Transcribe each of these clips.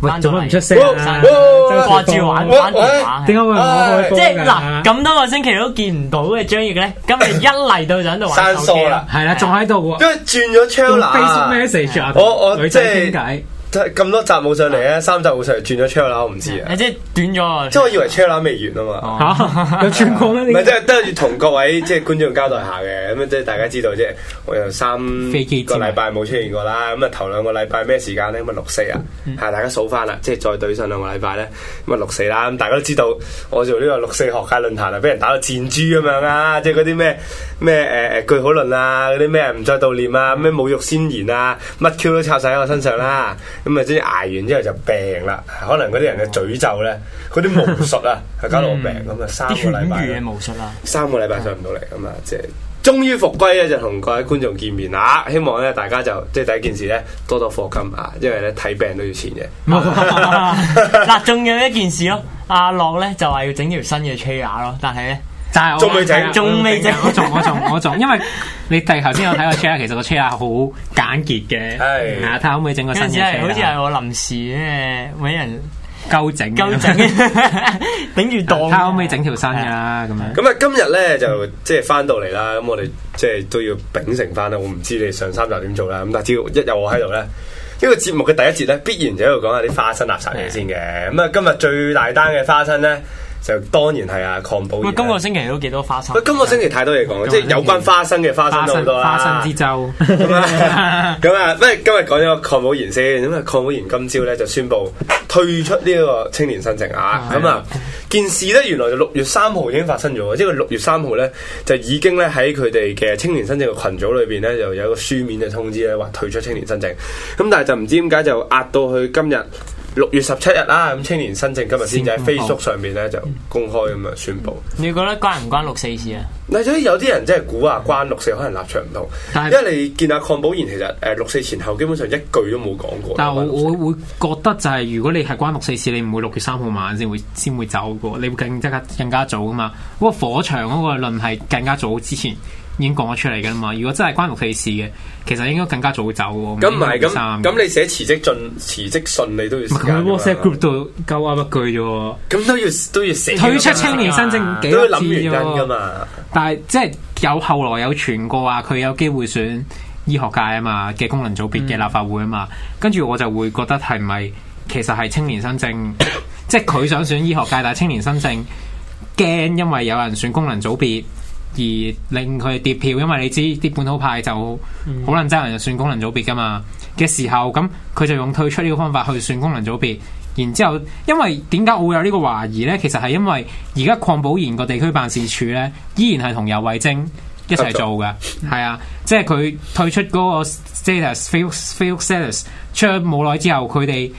喂，做唔出聲啊！掛住玩單機版，點解會唔開啊？即係嗱，咁多個星期都見唔到嘅張毅咧，今日一嚟到就喺度玩手機啦，係啦，仲喺度喎，跟住轉咗窗啦，Facebook message 啊，同女仔傾偈。即係咁多集冇上嚟啊！三集冇上嚟，轉咗 channel，我唔知啊！啊啊即係短咗，即係我以為 channel 未完啊嘛！吓有轉過唔係即係都要同各位 即係觀眾交代下嘅，咁即係大家知道即啫。我由三個禮拜冇出現過啦，咁啊機頭兩個禮拜咩時間咧？咁啊六四啊，係、嗯、大家數翻啦，即係再對上兩個禮拜咧，咁啊六四啦、啊。咁大家都知道，我做呢個六四學界論壇啊，俾人打到箭豬咁樣啊！即係嗰啲咩咩誒誒句號論啊，嗰啲咩唔再悼念啊，咩侮辱先賢啊，乜 Q 都插晒喺我身上啦、啊、～咁啊，即係挨完之後就病啦，可能嗰啲人嘅詛咒咧，嗰啲巫術啊，佢 搞到我病咁啊， 嗯、三個禮拜，啲玄巫術啊，三個禮拜上唔到嚟咁啊，即係終於復歸咧，就同各位觀眾見面啊！希望咧大家就即係第一件事咧多多課金啊，因為咧睇病都要錢嘅。嗱，仲有一件事咯，阿樂咧就話要整條新嘅 chair 咯，但係咧。但係我仲未整，仲未整，我仲我仲我仲，因為你第頭先有睇個 check，其實個 check 係好簡潔嘅，係睇下可唔可以整個新嘅，好似係我臨時嘅搵人鳩整，整，鳩整，頂住檔睇下可唔可以整條 新嘅咁的樣。咁啊，今日咧就即係翻到嚟啦，咁、嗯、我哋即係都要秉承翻啦，我唔知你哋上三集點做啦，咁但只要一有我喺度咧，呢、這個節目嘅第一節咧必然就喺度講下啲花生垃圾嘢先嘅，咁啊的今日最大單嘅花生咧。就當然係啊，鄺葆賢，今個星期都幾多花生？今個星期太多嘢講，即係有關花生嘅花生都好多啦。花生之舟咁啊，咁、嗯、啊，喂、嗯嗯，今日講咗鄺葆賢先，咁、嗯、啊，鄺葆賢今朝咧就宣布退出呢個青年新政啊，啊。咁啊，件事咧原來就六月三號已經發生咗，即係六月三號咧就已經咧喺佢哋嘅青年新政嘅羣組裏邊咧就有一個書面嘅通知咧話退出青年新政，咁但係就唔知點解就壓到去今日。六月十七日啦，咁青年新政今日先至喺 Facebook 上面咧就公開咁啊宣布。你覺得關唔關六四事啊？嗱，所以有啲人真係估啊，關六四可能立場唔同。但係是因為你見阿鄺葆賢其實誒、呃、六四前後基本上一句都冇講過。但係我我會覺得就係、是、如果你係關六四事，你唔會六月三號晚先會先會走噶，你會更即刻更加早噶嘛？嗰個火場嗰個論係更加早之前。已經講咗出嚟噶啦嘛，如果真係關屋企事嘅，其實應該更加早走。咁唔係咁，咁你寫辭職信，辭職信你都要寫，都要。佢 WhatsApp group 都夠啱一句啫。咁都要都要寫。退出青年新政幾，都要諗原因噶嘛。但係即係有後來有傳過話，佢有機會選醫學界啊嘛，嘅功能組別嘅立法會啊嘛，跟住，嗯、我就會覺得係唔係其實係青年新政， 即係佢想選醫學界，但係青年新政驚因為有人選功能組別。而令佢哋跌票，因為你知啲本土派就好難爭人就算功能組別噶嘛嘅、嗯、時候，咁佢就用退出呢個方法去算功能組別，然之後，因為點解我有呢個懷疑呢？其實係因為而家鄺葆賢個地區辦事處呢，依然係同游蕙禎一齊做嘅，係啊，啊即係佢退出嗰個 status field l d status 出咗冇耐之後，佢哋。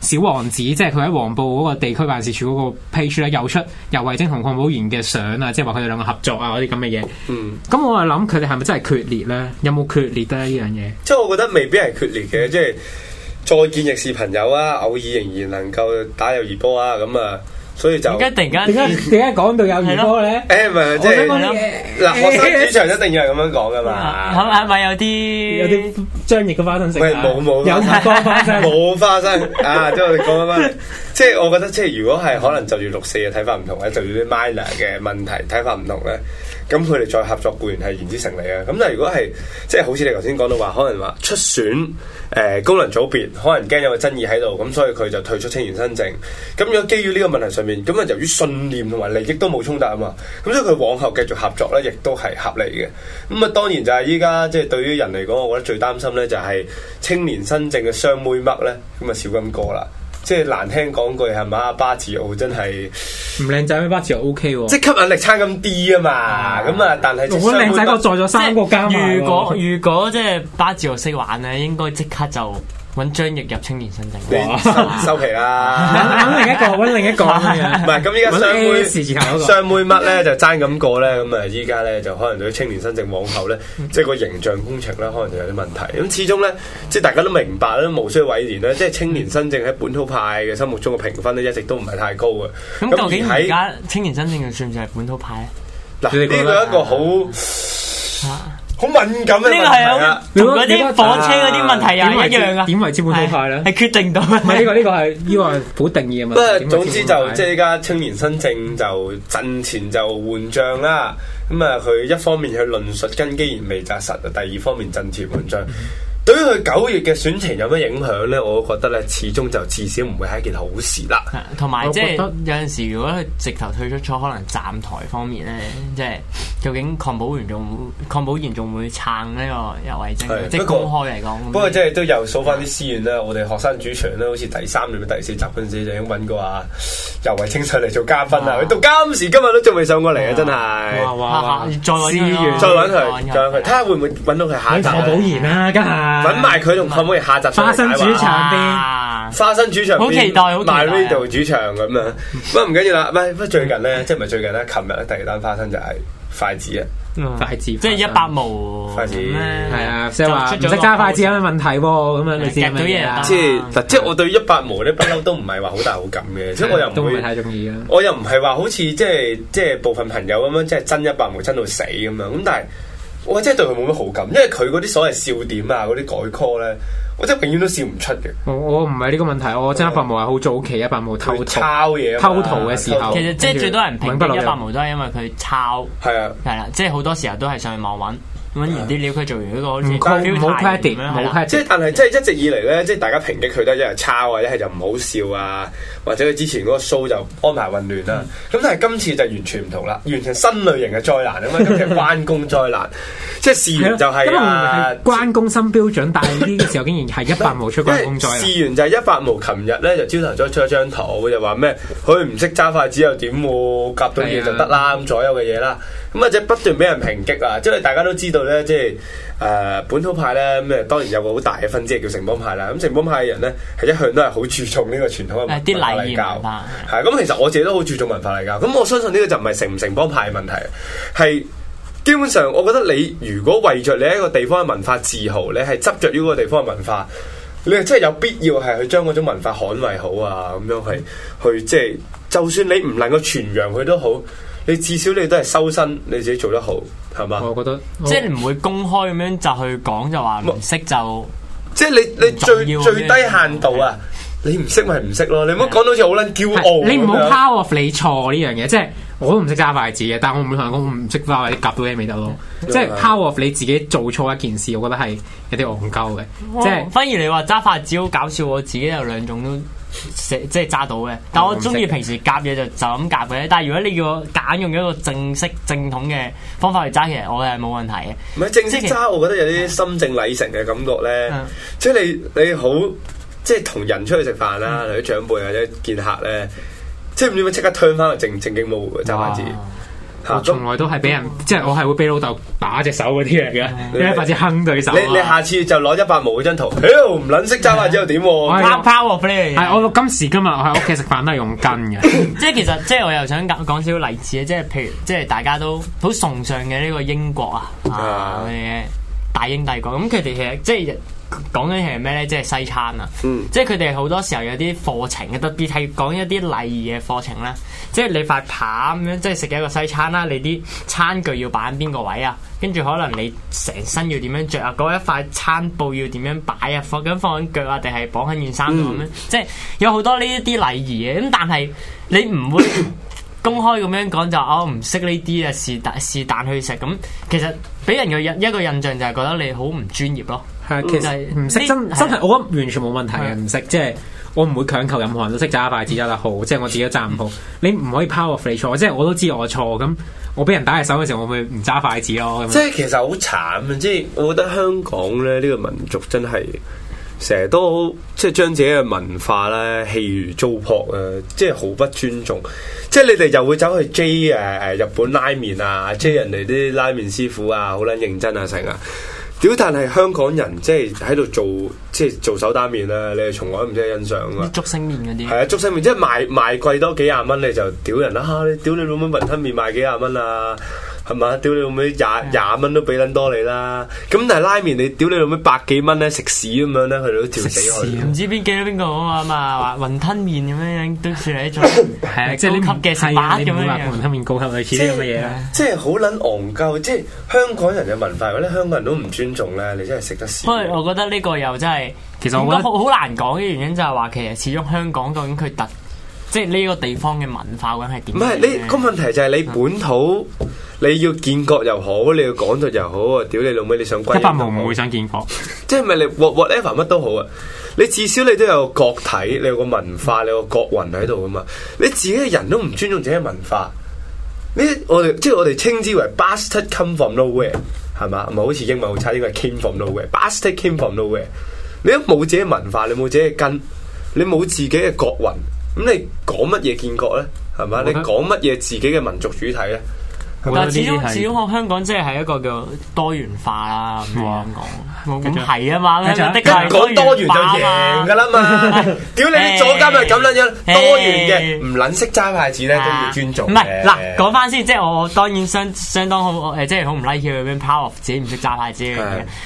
小王子即係佢喺黃埔嗰個地區辦事處嗰個 page 咧，又出游蕙禎同鄺葆賢嘅相啊，即係話佢哋兩個合作啊，嗰啲咁嘅嘢。嗯，咁我啊諗佢哋係咪真係決裂咧？有冇決裂得呢樣嘢，即係我覺得未必係決裂嘅，嗯、即係再見亦是朋友啊，偶爾仍然能夠打友誼波啊，咁啊。所以就點解突然間點解點解講到有咁多咧？誒，唔係即係嗱，學生主場一定要係咁樣講噶嘛。嚇嚇咪有啲有啲張熱嘅花生食，喂，唔係冇冇有太多花生，冇 花生 啊！即係我哋講翻，即係 我覺得即係如果係可能就住六四嘅睇法唔同，或者就住啲 minor 嘅問題睇法唔同咧。咁佢哋再合作固然係言之成理嘅，咁但係如果係即係好似你頭先講到話，可能話出選誒、呃、功能組別，可能驚有個爭議喺度，咁所以佢就退出青年新政。咁如果基於呢個問題上面，咁啊由於信念同埋利益都冇衝突啊嘛，咁所以佢往後繼續合作咧，亦都係合理嘅。咁啊當然就係依家即係對於人嚟講，我覺得最擔心咧就係青年新政嘅雙妹唛咧，咁啊小金哥啦。即係難聽講句係嘛，巴治奧真係唔靚仔咩？巴治奧 OK，即係吸引力差咁啲啊嘛，咁啊，但係如果靚仔，我在咗三個加嘛。如果如果即係巴治奧識玩咧，應該即刻就。揾張翼入青年新政，哇收收皮啦！揾 另一個，揾另一個，唔係咁依家雙妹、S、雙妹乜咧 就爭咁過咧咁啊！依家咧就可能對青年新政往後咧，即係 個形象工程咧，可能就有啲問題。咁始終咧，即係大家都明白咧，無需諱言啦。即係青年新政喺本土派嘅心目中嘅評分咧，一直都唔係太高嘅。咁 究竟而家青年新政算唔算係本土派咧？嗱，呢個係一個好啊。 好敏感啊！呢個係啊，嗰啲果火車嗰啲問題又一樣啊？點為之會好快咧？係是決定到啊！呢、這個呢、這個係呢 個好定義啊嘛。不是總之就即係而家青年新政就陣 前就換將啦。咁啊，佢一方面去論述根基仍未扎實，第二方面陣前換將。 對於佢九月嘅選情有乜影響咧？我覺得咧，始終就至少唔會係一件好事啦。同埋即係有陣時，如果佢直頭退出咗，可能站台方面咧，即係究竟康寶源仲康寶源仲會撐呢個尤偉晶嘅？即公開嚟講。不過即係都又收翻啲私怨啦。我哋學生主場啦，好似第三年、第四集嗰陣時就已經揾過啊，尤偉晶上嚟做嘉賓啊！佢到今時今日都仲未上過嚟啊！真係再私怨，再揾佢，再揾佢，睇下會唔會揾到佢下集啊？康寶源啦，家下。搵埋佢同可唔可以下集花生主場邊，花生主場，好期待，好期待。My radio 主場咁樣，不過唔緊要啦，喂，不過最近咧，即係唔係最近咧，琴日咧，第二單花生就係筷子啊，筷子，即係一百毛筷子，係啊，即係話唔識揸筷子有咩問題喎？咁樣你知唔知？即係，即係我對一百毛咧不嬲都唔係話好大好感嘅，即係我又唔會太中意啊。我又唔係話好似即係即係部分朋友咁樣，即係真一百毛真到死咁樣，咁但係。我真係對佢冇乜好感，因為佢嗰啲所謂笑點啊，嗰啲改 call 咧，我真係永遠都笑唔出嘅。我唔係呢個問題，我真一百毛係好早期一百毛偷嘢、偷圖嘅時候，其實即係抄 最多人評一百毛都係因為佢抄係啊，係啦、啊，即係好多時候都係上去網搵。搵完啲料，佢做完嗰個，唔好即係但係，即係一直以嚟咧，即係大家抨擊佢都係一日抄啊，一係就唔好笑啊，或者佢之前嗰個數就安排混亂啦。咁但係今次就完全唔同啦，完全新類型嘅災難啊嘛！今日關公災難，即係事完就係啊，關公新標準，但係呢個時候竟然係100毛出關公災。事完就係100毛，琴日咧就朝頭早出咗張圖，就話咩？佢唔識揸筷子又點？夾到嘢就得啦咁左右嘅嘢啦。咁啊！即不斷俾人抨擊啊！即係大家都知道咧，即係誒、呃、本土派咧，咁當然有個好大嘅分支係叫城邦派啦。咁城邦派嘅人咧，係一向都係好注重呢個傳統嘅文化禮教。係咁、啊，其實我自己都好注重文化禮教。咁我相信呢個就唔係成唔成邦派嘅問題，係基本上我覺得你如果為着你一個地方嘅文化自豪，你係執着於個地方嘅文化，你係真係有必要係去將嗰種文化捍衛好啊！咁樣係去即係，就算你唔能夠傳揚佢都好。你至少你都係修身，你自己做得好，係嘛？我覺得即係你唔會公開咁樣就去講就話唔識就，即係你你最你最低限度啊，你唔識咪唔識咯，嗯、你唔好講到好似好撚驕傲。樣你唔好 power off 你錯呢樣嘢，即、就、係、是、我都唔識揸筷子嘅，但我唔會同你講我唔識揸，你夾到嘢未得咯。即係、嗯、power off 你自己做錯一件事，我覺得係有啲戇鳩嘅。即係反而你話揸筷子好搞笑，我自己有兩種都。即係揸到嘅，但我中意平時夾嘢就就咁夾嘅。但係如果你叫我揀用一個正式正統嘅方法去揸，其實我係冇問題嘅。唔係正式揸，我覺得有啲心正禮成嘅感覺咧。嗯、即係你你好，即係同人出去食飯啦，嗯、或者長輩或者見客咧，即係唔知點解即刻 turn 翻個正正經模揸筷子。走我從來都係俾人，走即係我係會俾老豆打隻手嗰啲人嘅，你咪發展坑對手、啊。你你下次就攞一百毛嗰張圖，唔、哎、撚識揸啊？之後點？拉炮啊！friend，係我今時今日喺屋企食飯都係用根嘅 ，即係其實即係我又想講少少例子，即係譬如即係大家都好崇尚嘅呢個英國啊，啊，大英帝國，咁佢哋其實即係。即講緊嘢係咩咧？即係西餐啊，嗯、即係佢哋好多時候有啲課程，特別係講一啲禮儀嘅課程啦，即係你塊扒咁樣，即係食嘅一個西餐啦，啊。你啲餐具要擺喺邊個位啊？跟住可能你成身要點樣着啊？嗰，那個、一塊餐布要點樣擺啊？放喺放喺腳啊，定係綁喺件衫咁咧？嗯、即係有好多呢一啲禮儀嘅。咁但係你唔會公開咁樣講就我唔識呢啲啊，是但是但去食咁。其實俾人嘅印一個印象就係覺得你好唔專業咯。其實唔識真真係，我覺得完全冇問題嘅，唔識的即係我唔會強求任何人都識揸筷子揸得好，的即係我自己揸唔好，你唔可以 powerful 你錯，即係我都知我錯，咁我俾人打下手嘅時候，我咪唔揸筷子咯。是樣即係其實好慘啊！即係我覺得香港咧呢、這個民族真係成日都即係將自己嘅文化咧棄如糟粕啊！即係毫不尊重，即係你哋就會走去 J 誒、呃、誒日本拉麵啊，即係人哋啲拉麵師傅啊，好捻認真啊成啊！屌！但係香港人即係喺度做即係做手打麵啦，你哋從來都唔識欣賞啊！竹升麵嗰啲係啊，竹升麵即係賣賣貴多幾廿蚊你就屌人啦！你屌、啊、你老母，雲吞麵賣幾廿蚊啊？係嘛？屌你老妹，廿廿蚊都俾撚多你啦！咁但係拉麵，你屌你老妹，百幾蚊咧食屎咁樣咧，佢哋都跳死我！食屎唔、啊、知邊幾邊個啊嘛？話雲吞麵咁樣樣都算係一種，係即係高級嘅食法咁樣樣。你唔會話雲吞麵高級類似啲咁嘅嘢啦。即係好撚戇鳩，即係、啊就是、香港人嘅文化，或者香港人都唔尊重咧。你真係食得屎。不過我覺得呢個又真係，其實我覺得好難講嘅原因就係話，其實始終香港究竟佢特，即係呢個地方嘅文化，或者係點？唔係呢個問題就係你本土。嗯嗯你要建國又好，你要講到又好，屌 你老妹，你想歸一都冇。想建國， 即係咪你 whatever 乜都好啊？你至少你都有個國體，你有個文化，你有個國魂喺度噶嘛？你自己嘅人都唔尊重自己嘅文化，呢我哋即係我哋稱之為 b u s t a r come from nowhere，係嘛？唔係好似英文好差，應該 c a m e from n o w h e r e b u s t a r c a m e from nowhere。你都冇自己文化，你冇自己嘅根，你冇自己嘅國魂，咁你講乜嘢建國咧？係咪？你講乜嘢自己嘅民族主體咧？但始終，始終香港即係一個叫多元化啦，咁講，咁係啊嘛，香港多元就贏啊嘛，屌你啲左金咪咁撚樣，多元嘅唔撚識揸牌子咧，都要尊重唔係嗱，講翻先，即係我當然相相當好，誒，即係好唔 like 佢啲 power of 自己唔識揸牌子嘅嘢。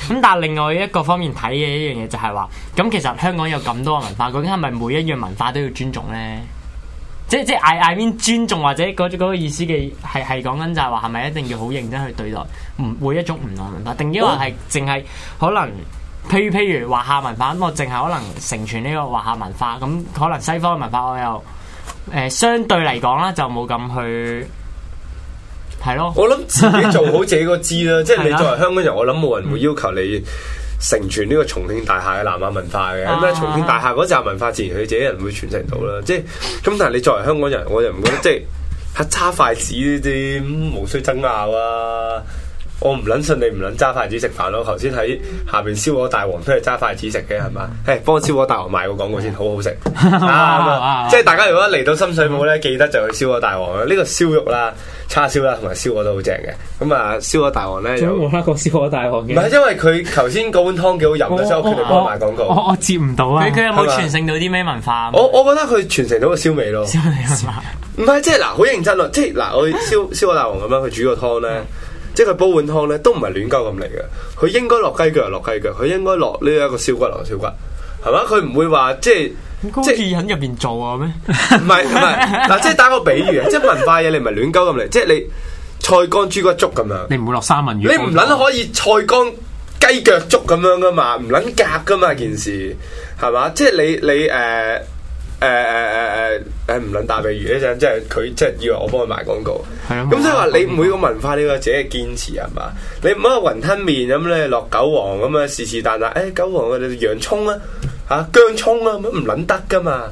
咁但係另外一個方面睇嘅一樣嘢就係話，咁其實香港有咁多個文化，究竟係咪每一樣文化都要尊重咧？即即係喺 I mean, 尊重或者嗰、那、種、個那個意思嘅，係係講緊就係話，係咪一定要好認真去對待唔每一種唔同文化，定抑或係淨係可能譬如譬如華夏文化咁，我淨係可能成全呢個華夏文化咁，可能西方嘅文化我又誒、呃、相對嚟講咧就冇咁去係咯。我諗自己做好自己個知啦， 即係你作為香港人，我諗冇人會要求你。成全呢個重慶大廈嘅南亞文化嘅咁咧。啊、但重慶大廈嗰紮文化自然佢自己人會傳承到啦。即係咁，但係你作為香港人，我又唔覺得即係黑叉筷子呢啲咁無須爭拗啊。我唔捻信你唔捻揸筷子食飯咯，頭先喺下邊燒鵝大王都係揸筷子食嘅係嘛？係幫燒鵝大王賣個廣告先，好好食。即係大家如果嚟到深水埗咧，記得就去燒鵝大王啦。呢個燒肉啦、叉燒啦，同埋燒鵝都好正嘅。咁啊，燒鵝大王咧有冇一個燒鵝大王？唔係因為佢頭先嗰碗湯幾好飲，所以佢哋幫我賣廣告。我我接唔到啊！佢佢有冇傳承到啲咩文化？我我覺得佢傳承到個燒味咯。唔係，即係嗱，好認真咯，即係嗱，我燒燒鵝大王咁樣去煮個湯咧。即係佢煲碗湯咧，都唔係亂鳩咁嚟嘅。佢應該落雞腳落雞腳，佢應該落呢一個燒骨係燒骨，係嘛？佢唔會話即係即係喺入邊做啊？咩？唔係唔係嗱，即係 打個比喻啊！即係文化嘢，你唔係亂鳩咁嚟。即係你菜乾豬骨粥咁樣，你唔會落三文魚。你唔捻可以菜乾雞腳粥咁樣噶嘛？唔捻夾噶嘛？件事係嘛？即係你你誒。Uh, 誒誒誒誒誒唔撚打比喻嗰陣，即係佢即係以為我幫佢賣廣告，係啊。咁所以話你每個文化呢個自己嘅堅持係嘛，你唔好話雲吞麵咁你落韭黃咁啊是是但但，誒韭黃啊，你洋葱啊嚇，薑葱啊咁唔撚得㗎嘛，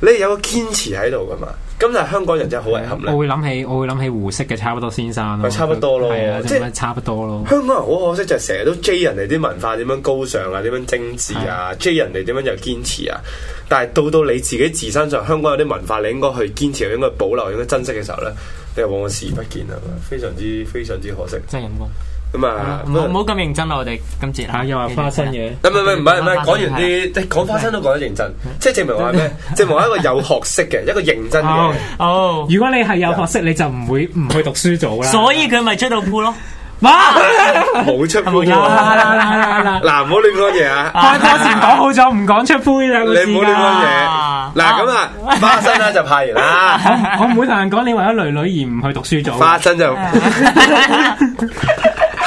你有個堅持喺度㗎嘛。咁但係香港人真係好遺憾。我會諗起，我會諗起胡適嘅差不多先生咯。咪差不多咯，係啊他，即係差不多咯。香港人好可惜就係成日都追人哋啲文化點樣高尚啊，點樣精緻啊，追的人哋點樣又堅持啊。但係到到你自己自身上，香港有啲文化你應該去堅持，又應該去保留，應該珍惜嘅時候咧，你又往往視而不見啊！非常之非常之可惜。真嘅。咁啊，唔好咁認真啦，我哋今次嚇又話花生嘢，唔係唔係唔係唔係，講完啲講花生都講得認真，即係證明話咩？證明我係一個有學識嘅一個認真嘅。哦，如果你係有學識，你就唔會唔去讀書做啦。所以佢咪出到鋪咯，冇出鋪㗎。嗱，唔好亂講嘢啊！開講前講好咗，唔講出鋪啦個字㗎。你唔好亂講嘢。嗱，咁啊，花生咧就派啦。我我唔會同人講你為咗女女而唔去讀書做。花生就。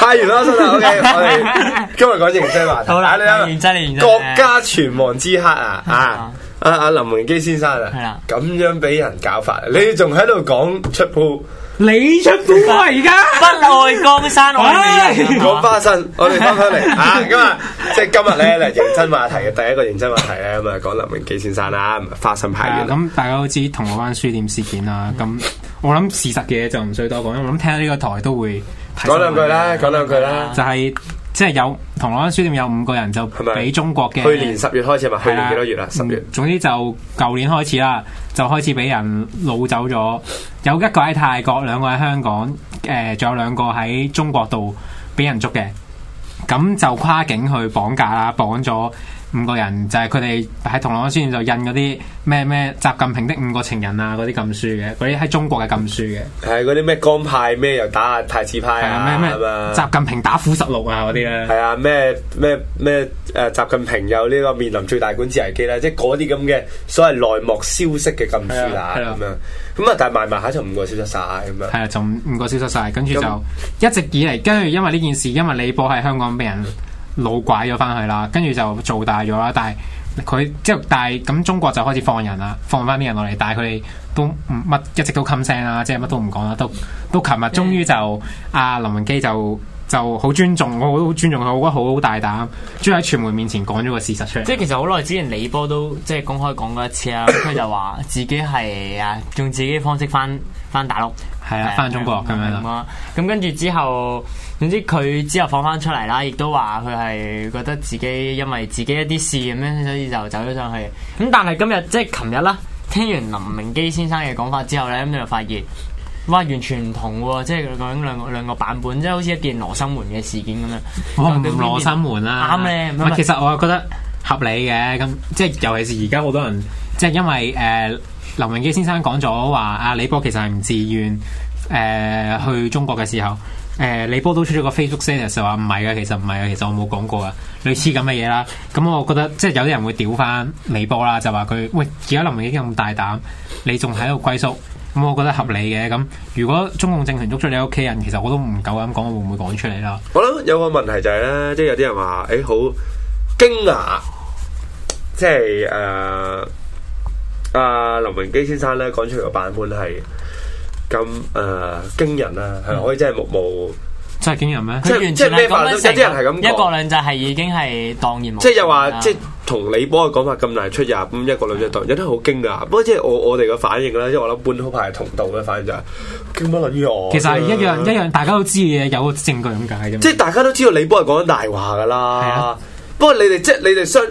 拍完啦，真係 OK。我哋今日講認真話題，國家存亡之刻啊！啊啊！阿林文基先生啊，咁樣俾人搞法，你仲喺度講出鋪？你出鋪啊！而家不愛江山，我哋講花生，我哋翻返嚟啊！今日即係今日咧，嚟認真話題嘅第一個認真話題咧，咁啊，講林榮基先生啦，花生派完，咁大家都知銅鑼灣書店事件啦，咁我諗事實嘅嘢就唔需多講，因為我諗聽下呢個台都會。講兩句啦，講兩句啦。就係、是、即係有銅鑼灣書店有五個人就俾中國嘅。去年十月開始嘛？係啊，去年幾多月啦、啊？十月。總之就舊年開始啦，就開始俾人擄走咗。有一個喺泰國，兩個喺香港，誒、呃，仲有兩個喺中國度俾人捉嘅。咁就跨境，去綁架啦，綁咗。五個人就係佢哋喺《銅鑼灣書店》就印嗰啲咩咩習近平的五個情人啊，嗰啲禁書嘅，嗰啲喺中國嘅禁書嘅。係嗰啲咩江派咩又打啊太子派啊咩咩，啊、嘛習近平打虎十六啊嗰啲咧。係、嗯、啊咩咩咩誒，習近平有呢個面臨最大管治危機咧、啊，即係嗰啲咁嘅所謂內幕消息嘅禁書啊咁、啊啊、樣。咁啊，但係埋埋下就五個消失晒，咁樣。係啊，就五五個消失晒。跟住就一直以嚟跟住，因為呢件事，因為李波係香港俾人。嗯老拐咗翻去啦，跟住就做大咗啦，但係佢即係，但係咁中國就開始放人啦，放翻啲人落嚟，但係佢哋都乜一直都冚聲啦，即係乜都唔講啦，都都琴日終於就阿、嗯啊、林榮基就就好尊重，我好尊重佢，我覺得好好大膽，終於喺傳媒面前講咗個事實出嚟。即係其實好耐之前李波都即係公開講過一次啊，佢 就話自己係啊用自己嘅方式翻。翻大陸，係啊，翻中國咁、嗯、這樣咁跟住之後，總之佢之後放翻出嚟啦，亦都話佢係覺得自己因為自己一啲事咁樣，所以就走咗上去。咁但係今日即係琴日啦，就是、聽完林榮基先生嘅講法之後咧，你就發現，哇，完全唔同喎！即係講兩個兩個版本，即、就、係、是、好似一件羅生門嘅事件咁樣。我唔羅生門啊，啱咧。唔其實我覺得合理嘅。咁即係尤其是而家好多人，即係因為誒。呃林榮基先生講咗話阿李波其實係唔自願誒、呃、去中國嘅時候，誒、呃、李波都出咗個 Facebook status 話唔係嘅，其實唔係嘅，其實我冇講過啊，類似咁嘅嘢啦。咁、嗯、我覺得即係有啲人會屌翻李波啦，就話佢喂，而家林榮基咁大膽，你仲喺度歸宿，咁、嗯、我覺得合理嘅。咁、嗯、如果中共政權捉咗你屋企人，其實我都唔夠膽講，我會唔會講出嚟啦？好啦，有個問題就係、是、咧，即係有啲人話誒、欸、好驚訝，即係誒。Uh 阿林榮基先生咧講出個版本係咁誒驚人啊，係可以真係目無真係驚人咩？即係即係咩？有啲人係咁一國兩制係已經係蕩然無，即係又話即係同李波嘅講法咁難出入，咁一國兩制當有啲好驚噶，不過即係我我哋嘅反應啦，即係我諗半號牌同道咧，反正就驚乜卵嘢，我。其實係一樣一樣，大家都知嘅有個證據咁解啫。即係大家都知道李波係講大話噶啦，不過你哋即係你哋相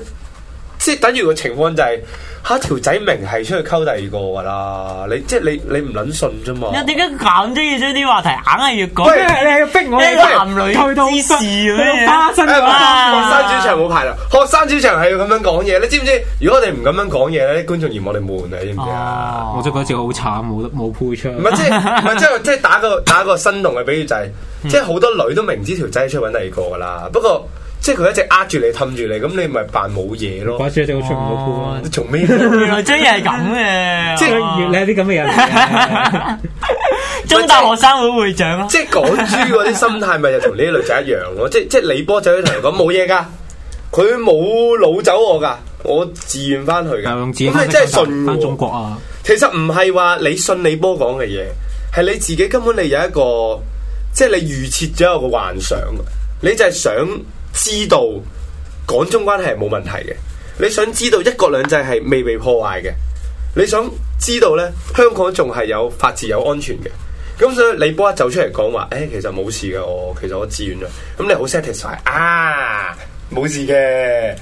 即係等於個情況就係。吓條仔明係出去溝第二個噶啦，你即係你你唔捻信啫嘛？你點解咁中意將啲話題硬係要講？如你係要逼我如男女之事咩？學生啊！學生主場冇排啦，啊、學生主場係要咁樣講嘢，你知唔知？如果我哋唔咁樣講嘢咧，啲觀眾嫌我哋悶啊，你知唔知啊？我即係覺得自己好慘，冇冇配槍。唔係即係唔係即係即係打個打個生動嘅比喻就係、是，即係好多女都明知條仔出去搵第二個噶啦，不過。即係佢一直呃住你，氹住你，咁你咪扮冇嘢咯。掛住一張出唔到鋪咯。做咩原來張嘢係咁嘅，即係你來啲咁嘅人中大學生會會長咯、啊。即係講豬嗰啲心態，咪就同呢啲女仔一樣咯。 即係即係李波仔喺度講冇嘢噶，佢冇老走我噶，我自願翻去噶。咁咪 真係信翻中國啊？ 其實唔係話你信李波講嘅嘢，係你自己根本你有一個即係你預設咗有個幻想，你就係想。知道港中關係係冇問題嘅，你想知道一國兩制係未被破壞嘅，你想知道咧香港仲係有法治有安全嘅，咁所以李波一走出嚟講話，誒、欸、其實冇事嘅，我、哦、其實我自願嘅，咁你好 satisfied 啊，冇事嘅。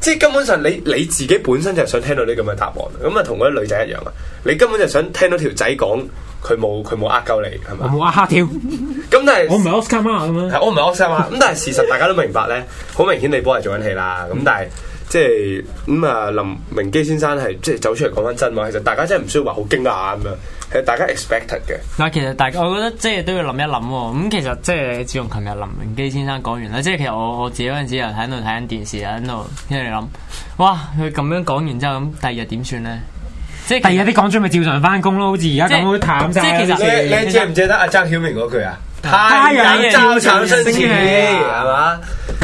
即係根本上你，你你自己本身就係想聽到呢咁嘅答案，咁啊同嗰啲女仔一樣啊！你根本就想聽到條仔講佢冇佢冇呃鳩你，係冇哇吓跳！咁 但係是我唔係奧斯卡咁啊，係 我唔係奧斯卡咁， 但係事實大家都明白咧，好明顯你幫係做緊戲啦。咁但係即係咁啊，林榮基先生係即係走出嚟講翻真話，其實大家真係唔需要話好驚訝咁樣。其實大家 expect 嘅，嗱，其實大家，我覺得即係都要諗一諗哦，咁其實即係，自從琴日林榮基先生講完咧，即係其實我我自己嗰陣時又喺度睇緊電視啊，喺度即係諗，哇，佢咁樣講完之後咁，第二日點算咧？即係第二日啲實港專咪照常翻工咯，好似而家咁會淡晒。即係你你接唔接得阿張曉明嗰句啊？太陽照常升起，係嘛？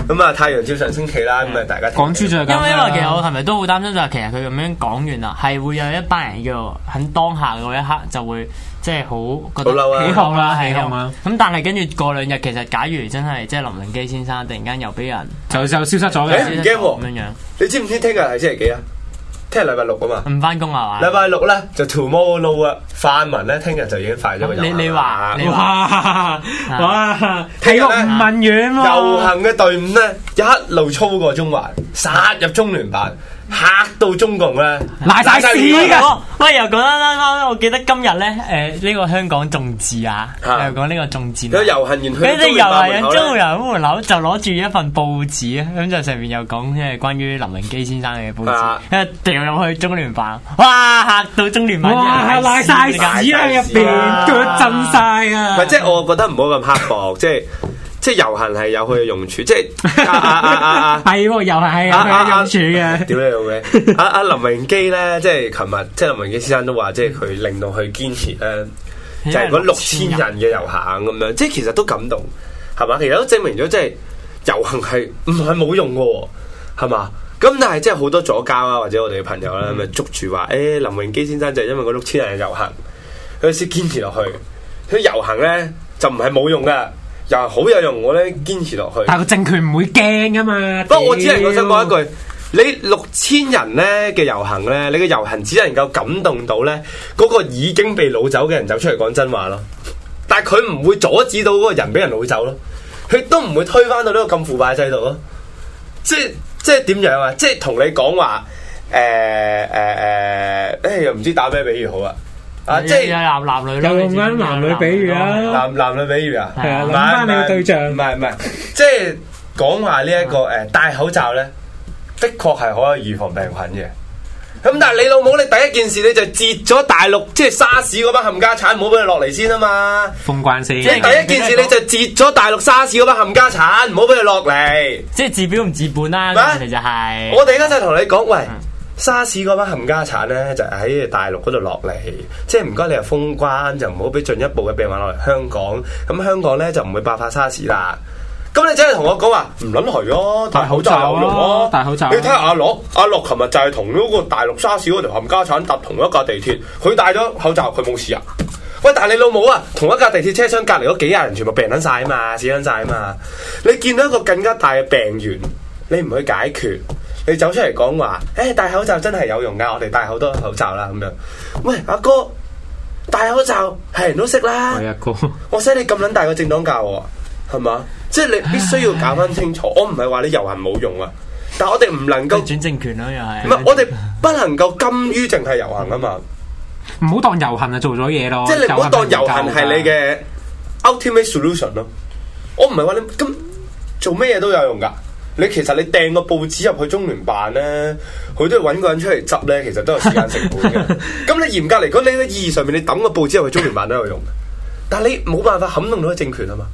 咁啊，太陽照常升起啦。咁啊，大家講出咗咁樣，因為其實我琴日都好擔心就係，其實佢咁樣講完啦，係會有一班人要喺當下嗰一刻就會即係好覺得起哄啦，咁哄、啊。咁是、啊、但係跟住過兩日，其實假如真係即係林榮基先生突然間又俾人就的就消失咗嘅，唔驚喎咁樣樣。你知唔知聽日係星期幾啊？即係禮拜六噶嘛？唔翻工啊嘛？禮拜六咧就 tomorrow 啊！泛民咧聽日就已經快咗。你你話？哇哇！聽日唔遠喎。遊、啊、行嘅隊伍咧一路操過中環，殺入中聯辦。吓到中共咧，瀨晒屎噶！喂，又講得，啦啦，我記得今日咧，誒呢個香港眾志啊，又講呢個眾志，有遊行完，嗰啲遊行完中聯辦門口就攞住一份報紙啊，咁就上面又講即係關於林榮基先生嘅報紙，一掉落去中聯辦，哇嚇到中聯辦，哇係瀨曬屎喺入邊，腳震晒啊！唔係即係我覺得唔好咁刻薄，即係。即係遊行係有佢嘅用處，即係係喎，遊行係有佢嘅用處嘅。點樣用嘅？阿阿林榮基咧，即係琴日， 即係林榮基先生都話，即係佢令到佢堅持咧、呃，就係嗰六千人嘅遊行咁樣。即係其實都感動，係嘛？其實都證明咗，即係遊行係唔係冇用嘅，係嘛？咁但係即係好多左膠啊，或者我哋嘅朋友咧，咪 捉住話誒、欸，林榮基先生就係因為嗰六千人嘅遊行，佢先堅持落去。所以遊行咧就唔係冇用噶。又好有用，我咧堅持落去。但係個政權唔會驚噶嘛。不過，我只係我想講一句：呃、你六千人咧嘅遊行咧，你嘅遊行只能夠感動到咧嗰個已經被擄走嘅人走出嚟講真話咯。但係佢唔會阻止到嗰個人俾人擄走咯，佢都唔會推翻到呢個咁腐敗嘅制度咯。即係即係點樣啊？即係同你講話，誒誒誒，誒、呃欸、又唔知打咩比喻好啊！啊，即係男男女啦，有男女比喻啊？男男女比喻啊？係啊，諗翻你個對象。唔係唔係，即係講話呢一個誒，戴口罩咧的確係可以預防病菌嘅。咁但係你老母，你第一件事你就截咗大陸即係沙士嗰班冚家鏟，唔好俾佢落嚟先啊嘛！封關先。即係第一件事你就截咗大陸沙士嗰班冚家鏟，唔好俾佢落嚟。即係治標唔治本啦，咁嚟就係。我哋而家就同你講，喂。沙士嗰班冚家鏟咧就喺大陸嗰度落嚟，即係唔該你係封關，就唔好俾進一步嘅病患落嚟香港。咁香港咧就唔會爆發沙士啦。咁你真係同我講啊，唔撚係咯，戴口罩咯，啊，戴口罩，啊。你睇下阿樂，阿樂琴日就係同嗰個大陸沙士嗰條冚家鏟，搭同一架地鐵，佢戴咗口罩，佢冇事啊？喂，但係你老母啊，同一架地鐵車廂隔籬嗰幾廿人全部病撚晒啊嘛，死撚晒啊嘛，你見到一個更加大嘅病源，你唔去解決？你走出嚟講話，誒、欸、戴口罩真係有用噶，我哋戴好多口罩啦咁樣。喂，阿哥，戴口罩係人都識啦。係啊，哥，我使你咁撚大個政黨教我，係嘛？即係你必須要搞返清楚。哎、呀我唔係話你遊行冇用啊，但係我哋唔能夠轉政權啦、啊、又。唔係是，的我哋不能夠甘於淨係遊行啊嘛。唔好當遊行啊做咗嘢咯。即係你唔好當遊行係你嘅 ultimate solution 咯。嗯、我唔係話你咁做咩嘢都有用噶。你其實你掟個報紙入去中聯辦咧，佢都要揾個人出嚟執咧，其實都有時間成本嘅。咁 你嚴格嚟講，你嘅意義上面，你抌個報紙入去中聯辦都有用。但係你冇辦法撼動到個政權啊嘛。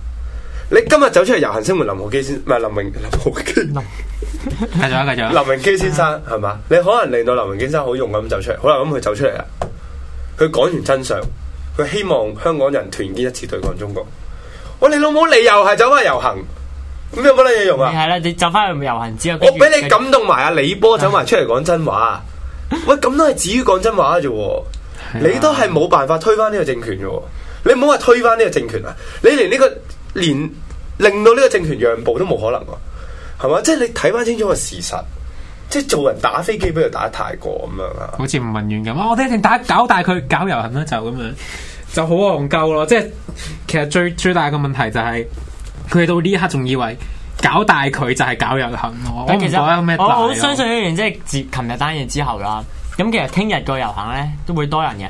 你今日走出嚟遊行，聲援林榮基先，唔係林明林榮基。繼續繼續林榮基先生係嘛？你可能令到林榮基先生好勇敢咁走出嚟，好啦，咁佢走出嚟啦。佢講完真相，佢希望香港人團結一次對抗中國。我你老母，你又係走翻去遊行？咁有乜嘢用啊？係啦、嗯，你走翻去遊行之後，我俾你感動埋阿續李波走埋出嚟講真話。 喂，咁都係至於講真話啫， 你都係冇辦法推翻呢個政權嘅。你唔好話推翻呢個政權啦，你連呢、這個連令到呢個政權讓步都冇可能，係嘛？即係你睇翻清楚個事實，即係做人打飛機俾佢打得太過咁樣啊！好似吳文遠咁，我哋一定打搞大佢，搞遊行啦就咁樣，就好戇鳩咯。即係其實最最大嘅問題就係、是。佢哋到呢一刻仲以為搞大佢就係搞遊行，其實我唔覺得咁一大。我好相信一樣，即係自琴日單嘢之後啦。咁其實聽日個遊行咧都會多人嘅。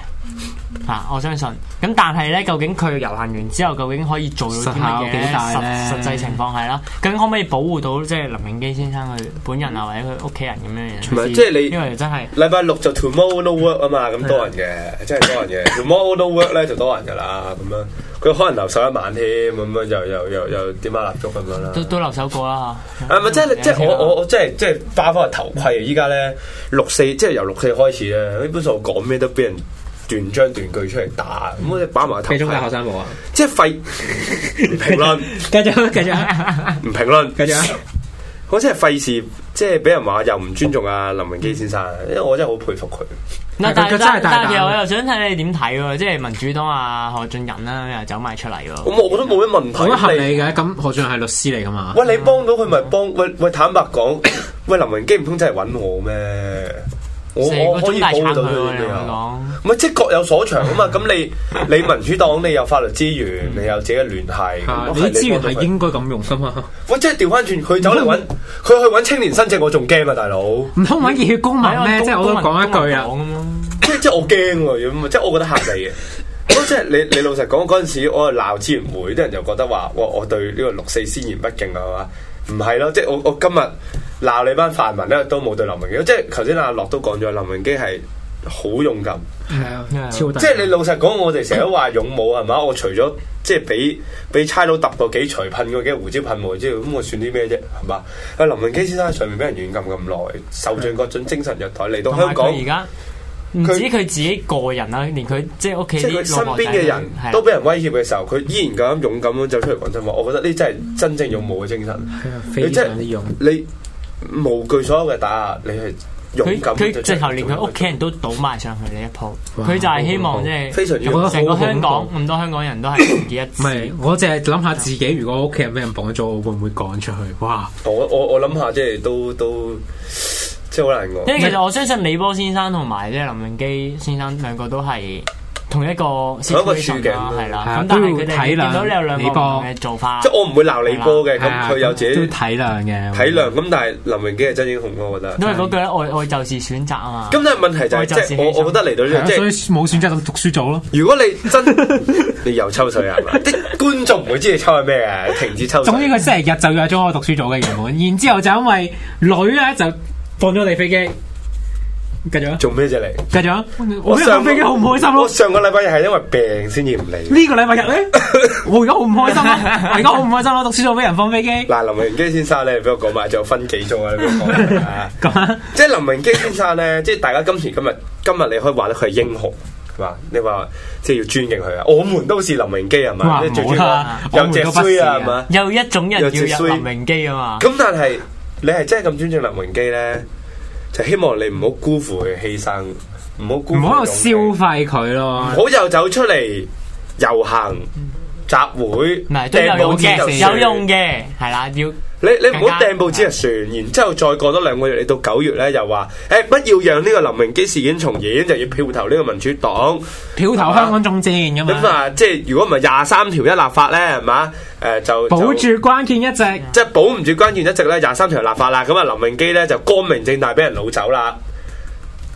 啊！我相信咁，但係咧，究竟佢遊行完之後，究竟可以做到啲乜嘅？實實際情況係啦，究竟可唔可以保護到即係林榮基先生佢本人啊，或者佢屋企人咁樣嘅？唔係，即係你，因為真係禮拜六就 two more o work 啊嘛，咁多人嘅，即係多人嘅，two more o work 咧就多人噶啦，咁樣佢可能留守一晚添，咁樣又又又又點吓蠟燭咁樣啦。都都留守過啦，啊唔係，即係即係我我我即係即係花花返個頭盔依家咧六四，即係由六四開始咧，基本上我講咩都俾人。段章段句出嚟打，咁我哋把埋頭。幾鐘嘅學生冇啊？即係廢評論，繼續繼續，唔評論，繼續。我真係費事，即係俾人話又唔尊重阿林榮基先生，因為我真係好佩服佢。嗱，但係但係，我又想睇你點睇喎？即係民主黨阿何俊仁啦，又走埋出嚟喎。咁我都冇乜問題。係你嘅，咁何俊仁係律師嚟噶嘛？喂，你幫到佢咪幫？喂喂，坦白講，喂林榮基唔通真係揾我咩？我我可以保護到佢嘅，咁啊即係各有所長啊嘛。咁你你民主黨你有法律資源，你有自己嘅聯繫，你資源係應該咁用心啊。我即係調翻轉，佢走嚟揾佢去揾青年新政，我仲驚啊，大佬。唔通揾熱血公民咩？即係我都講一句啊。即係即係我驚喎，即係我覺得嚇你嘅。即係你你老實講嗰陣時，我鬧支聯會，啲人就覺得話：哇！我對呢個六四先賢不敬啊嘛。唔係咯，即係我我今日鬧你班泛民咧，都冇對林榮基，即係頭先阿樂都講咗林榮基係好勇敢，係啊，即係你老實講，我哋成日都話勇武係嘛，我除咗即係俾俾差佬揼到幾錘噴過幾，噴過幾個胡椒噴霧之外，咁我算啲咩啫，係嘛？阿林榮基先生喺上面俾人軟禁咁耐，受盡各種精神虐待，嚟的到香港而家。唔止佢自己個人啦，連佢即係屋企身邊嘅人都俾人威脅嘅時候，佢的依然咁勇敢咁走出嚟講真話。我覺得呢真係真正勇武嘅精神。你真係用，你無懼所有嘅打壓，你係勇、就是、勇敢。佢最後連佢屋企人都倒埋上去呢一鋪。佢就係希望即係，非常成個香港咁多香港人都係唔見一。唔係， 我淨係諗下自己，如果屋企人俾人綁咗，我會唔會講出去？哇！我我我諗下，即係都都。都都即係好難講，因為其實我相信李波先生同埋即係林榮基先生兩個都係同一個處境係啦，咁但係佢哋你有兩波嘅做法。即係我唔會鬧李波嘅，咁佢有自己體諒嘅體諒。咁但係林榮基係真英雄，我覺得。因為嗰句咧，愛愛就是選擇啊嘛。咁但係問題就係，即係我我覺得嚟到呢，即係冇選擇咁讀書組咯。如果你真你又抽水啊？啲觀眾唔會知你抽係咩嘅，停止抽。總之佢星期日就約咗我讀書組嘅原本然之後就因為女咧就。放咗你飛機，繼續啊！做咩啫你？繼續啊！我上飛機好唔開心咯。我上個禮拜日係因為病先至唔嚟。呢個禮拜日咧，我而家好唔開心啊！我而家好唔開心啊！讀書做咩俾人放飛機？嗱，林榮基先生咧，俾我講埋，仲有分幾鐘啊？你俾我講，即係林榮基先生咧，即係大家今時今日今日你可以話得佢係英雄，係嘛？你話即係要尊敬佢啊？我們都是林榮基係嘛？唔好啦，有只衰啊嘛，有一種人要入林榮基啊嘛。咁但係。你係真係咁尊重林榮基咧，就希望你唔好辜負佢犧牲，唔好辜唔消費佢咯，唔好又走出嚟遊行集會，即係冇錢就有用嘅，係啦，要。你你唔好掟報紙係船，加然之後再過多兩個月，你到九月咧又話，誒、欸，不要讓呢個林榮基事件重演，就要票投呢個民主黨，票投香港眾志咁啊！即係、就是、如果唔係廿三條一立法咧，係嘛？誒、呃，就保住關鍵一席，即係保唔住關鍵一席咧，廿三條立法啦。咁啊，林榮基咧就光明正大俾人擄走啦。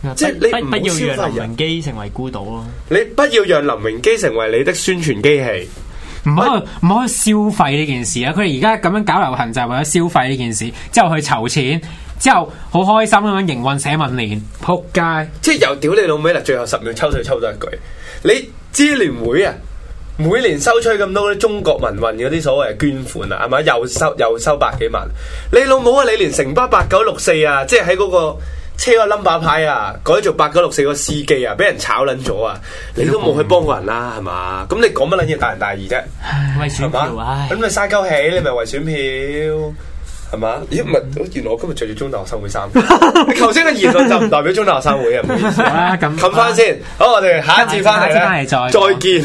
但即係你，不你不要讓林榮基成為孤島咯。你不要讓林榮基成為你的宣傳機器。唔可以唔可以消費呢件事啊！佢哋而家咁樣搞流行就係為咗消費呢件事，之後去籌錢，之後好開心咁樣營運社民聯，仆街！即係由屌你老味啦！最後十秒抽水抽咗一句，你支聯會啊，每年收取咁多啲中國民運嗰啲所謂捐款啊，係咪？又收又收百幾萬，你老母啊！你連承包八九六四啊，即係喺嗰個。車個 number 牌啊，改做八九六四個司機啊，俾人炒捻咗啊，你都冇去幫過人啦，係嘛？ 咁你講乜捻嘢，大仁大義啫，係嘛唉？咁咪嘥鳩氣，你咪為選票，係嘛？咦，唔係，原來我今日着住中大學生會衫， 你頭先嘅言論就唔代表中大學生會啊，唔好意思。咁冚翻先，啊、好，我哋下一次翻嚟，再再，再見。